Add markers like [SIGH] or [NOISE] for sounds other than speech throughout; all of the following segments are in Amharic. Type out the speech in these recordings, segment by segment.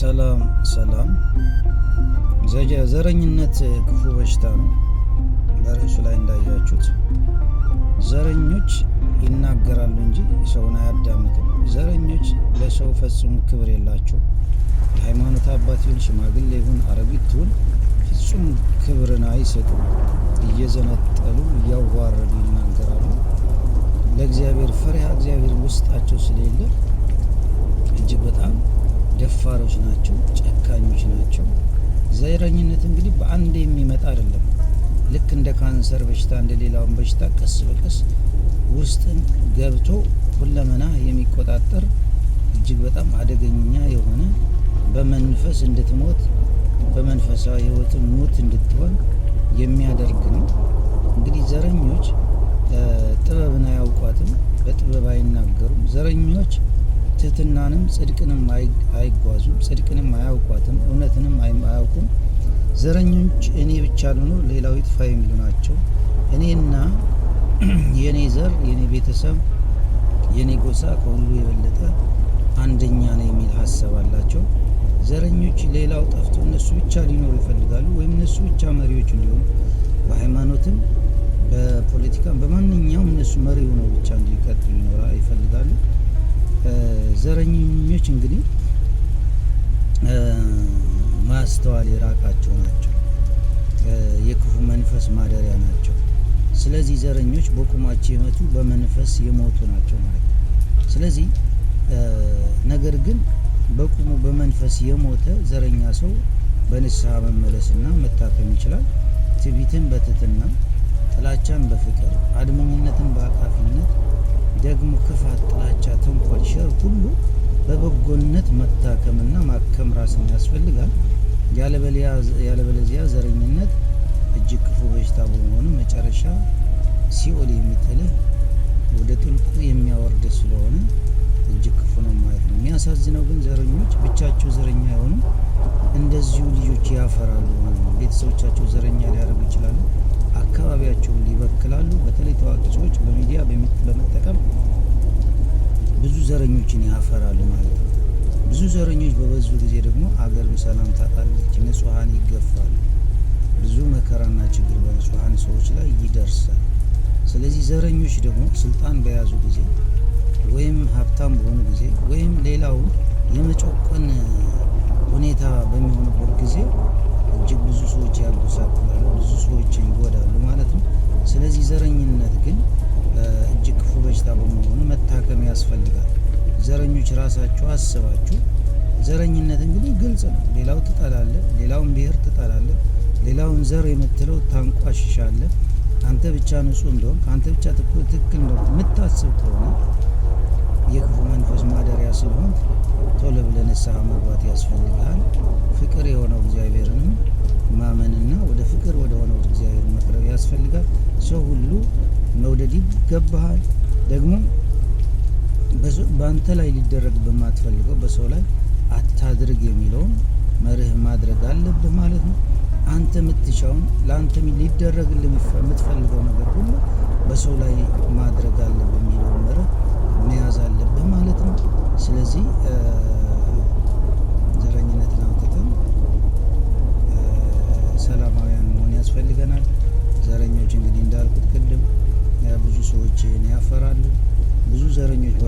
ሰላም ሰላም። ዘረኝነት ክፉ በሽታ ነው። በርዕሱ ላይ እንዳያችሁት ዘረኞች ይናገራሉ እንጂ ሰውን አያዳምጥም ዘረኞች ለሰው ፈጽሞ ክብር የላቸው። የሃይማኖት አባት ይሁን ሽማግሌ ይሁን አረቢት ይሁን ፍጹም ክብርን አይሰጡም። እየዘነጠሉ እያዋረዱ ይናገራሉ። ለእግዚአብሔር ፈሪሃ እግዚአብሔር ውስጣቸው ስለሌለ እጅግ በጣም ደፋሮች ናቸው፣ ጨካኞች ናቸው። ዘረኝነት እንግዲህ በአንድ የሚመጣ አይደለም። ልክ እንደ ካንሰር በሽታ እንደ ሌላውን በሽታ ቀስ በቀስ ውስጥን ገብቶ ሁለመና የሚቆጣጠር እጅግ በጣም አደገኛ የሆነ በመንፈስ እንድትሞት በመንፈሳዊ ሕይወት ሞት እንድትሆን የሚያደርግ ነው። እንግዲህ ዘረኞች ጥበብን አያውቋትም፣ በጥበብ አይናገሩም። ዘረኞች ትህትናንም ጽድቅንም አይጓዙም፣ ጽድቅንም አያውቋትም፣ እውነትንም አያውቁም። ዘረኞች እኔ ብቻ ልሆኑ ሌላው ይጥፋ የሚሉ ናቸው። እኔና [CLEARS THROAT] የእኔ ዘር፣ የእኔ ቤተሰብ፣ የእኔ ጎሳ ከሁሉ የበለጠ አንደኛ ነው የሚል ሀሳብ አላቸው። ዘረኞች ሌላው ጠፍቶ እነሱ ብቻ ሊኖሩ ይፈልጋሉ፣ ወይም እነሱ ብቻ መሪዎች እንዲሆኑ በሃይማኖትም በፖለቲካም በማንኛውም እነሱ መሪ ሆነው ብቻ እንዲቀጥሉ ይኖራ ይፈልጋሉ። ዘረኞች እንግዲህ ማስተዋል የራቃቸው ናቸው፣ የክፉ መንፈስ ማደሪያ ናቸው። ስለዚህ ዘረኞች በቁማቸው የመቱ በመንፈስ የሞቱ ናቸው ማለት ነው። ስለዚህ ነገር ግን በቁሙ በመንፈስ የሞተ ዘረኛ ሰው በንስሐ መመለስና መታከም ይችላል። ትዕቢትን በትትና ጥላቻን በፍቅር አድመኝነትን በአቃፊነት ደግሞ ክፋት ጥላቻ በበጎነት መታከምና ማከም ራስን ያስፈልጋል። ያለበለዚያ ዘረኝነት እጅግ ክፉ በሽታ በመሆኑ መጨረሻ ሲኦል የሚጥልህ ወደ ጥልቁ የሚያወርድ ስለሆነ እጅግ ክፉ ነው ማለት ነው። የሚያሳዝነው ግን ዘረኞች ብቻቸው ዘረኛ የሆኑ እንደዚሁ ልጆች ያፈራሉ ማለት ነው። ቤተሰቦቻቸው ዘረኛ ሊያደርጉ ይችላሉ፣ አካባቢያቸውን ይበክላሉ። በተለይ ታዋቂ ሰዎች በሚዲያ በመጠቀም ብዙ ዘረኞችን ያፈራል ማለት ነው። ብዙ ዘረኞች በበዙ ጊዜ ደግሞ አገር ሰላም ታጣለች፣ ንጹሐን ይገፋሉ። ብዙ መከራና ችግር በንጹሐን ሰዎች ላይ ይደርሳል። ስለዚህ ዘረኞች ደግሞ ስልጣን በያዙ ጊዜ ወይም ሀብታም በሆኑ ጊዜ ወይም ሌላውን የመጨቆን ሁኔታ በሚሆንበት ጊዜ እጅግ ብዙ ሰዎች ያጎሳቁላሉ፣ ብዙ ሰዎች ይጎዳሉ ማለት ነው። ስለዚህ ዘረኝነት ግን እጅግ ክፉ በሽታ በመሆኑ መታከም ያስፈልጋል። ዘረኞች ራሳችሁ አስባችሁ። ዘረኝነት እንግዲህ ግልጽ ነው። ሌላው ትጠላለህ፣ ሌላውን ብሔር ትጠላለህ፣ ሌላውን ዘር የምትለው ታንቋሽሻለ። አንተ ብቻ ንጹህ እንደሆን አንተ ብቻ ትክክል እንደሆን የምታስብ ከሆነ የክፉ መንፈስ ማደሪያ ስለሆን ቶሎ ብለህ ንስሐ መግባት ያስፈልጋል ፍቅር የሆነው እግዚአብሔርንም ማመንና ወደ ፍቅር ወደ ሆነው እግዚአብሔር መቅረብ ያስፈልጋል። ሰው ሁሉ መውደድ ይገባሃል ደግሞ በአንተ ላይ ሊደረግ በማትፈልገው በሰው ላይ አታድርግ የሚለውን መርህ ማድረግ አለብህ ማለት ነው። አንተ የምትሻውን ለአንተ ሊደረግ የምትፈልገው ነገር ሁሉ በሰው ላይ ማድረግ አለብህ የሚለውን መርህ መያዝ አለብህ ማለት ነው። ስለዚህ ዘረኝነትን አውጥተን ሰላማውያን መሆን ያስፈልገናል። ዘረኞች እንግዲህ እንዳልኩት ቅድም ብዙ ሰዎች ያፈራሉ ብዙ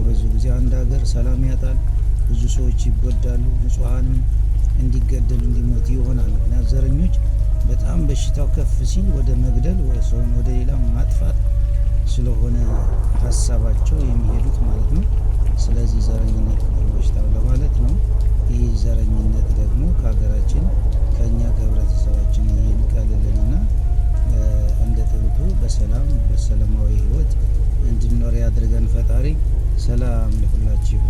ብዙ ጊዜ አንድ ሀገር ሰላም ያጣል፣ ብዙ ሰዎች ይጎዳሉ፣ ንጹሐንም እንዲገደሉ እንዲሞት ይሆናሉ። እና ዘረኞች በጣም በሽታው ከፍ ሲል ወደ መግደል ሰውን ወደ ሌላ ማጥፋት ስለሆነ ሀሳባቸው የሚሄዱት ማለት ነው። ስለዚህ ዘረኝነት በሽታው ለማለት ነው። ይህ ዘረኝነት ደግሞ ከሀገራችን ከእኛ ከህብረተሰባችን የሚቀልልንና እንደ ጥንቱ በሰላም በሰላማዊ ህይወት እንድንኖር ያድርገን ፈጣሪ። ሰላም ለሁላችሁ።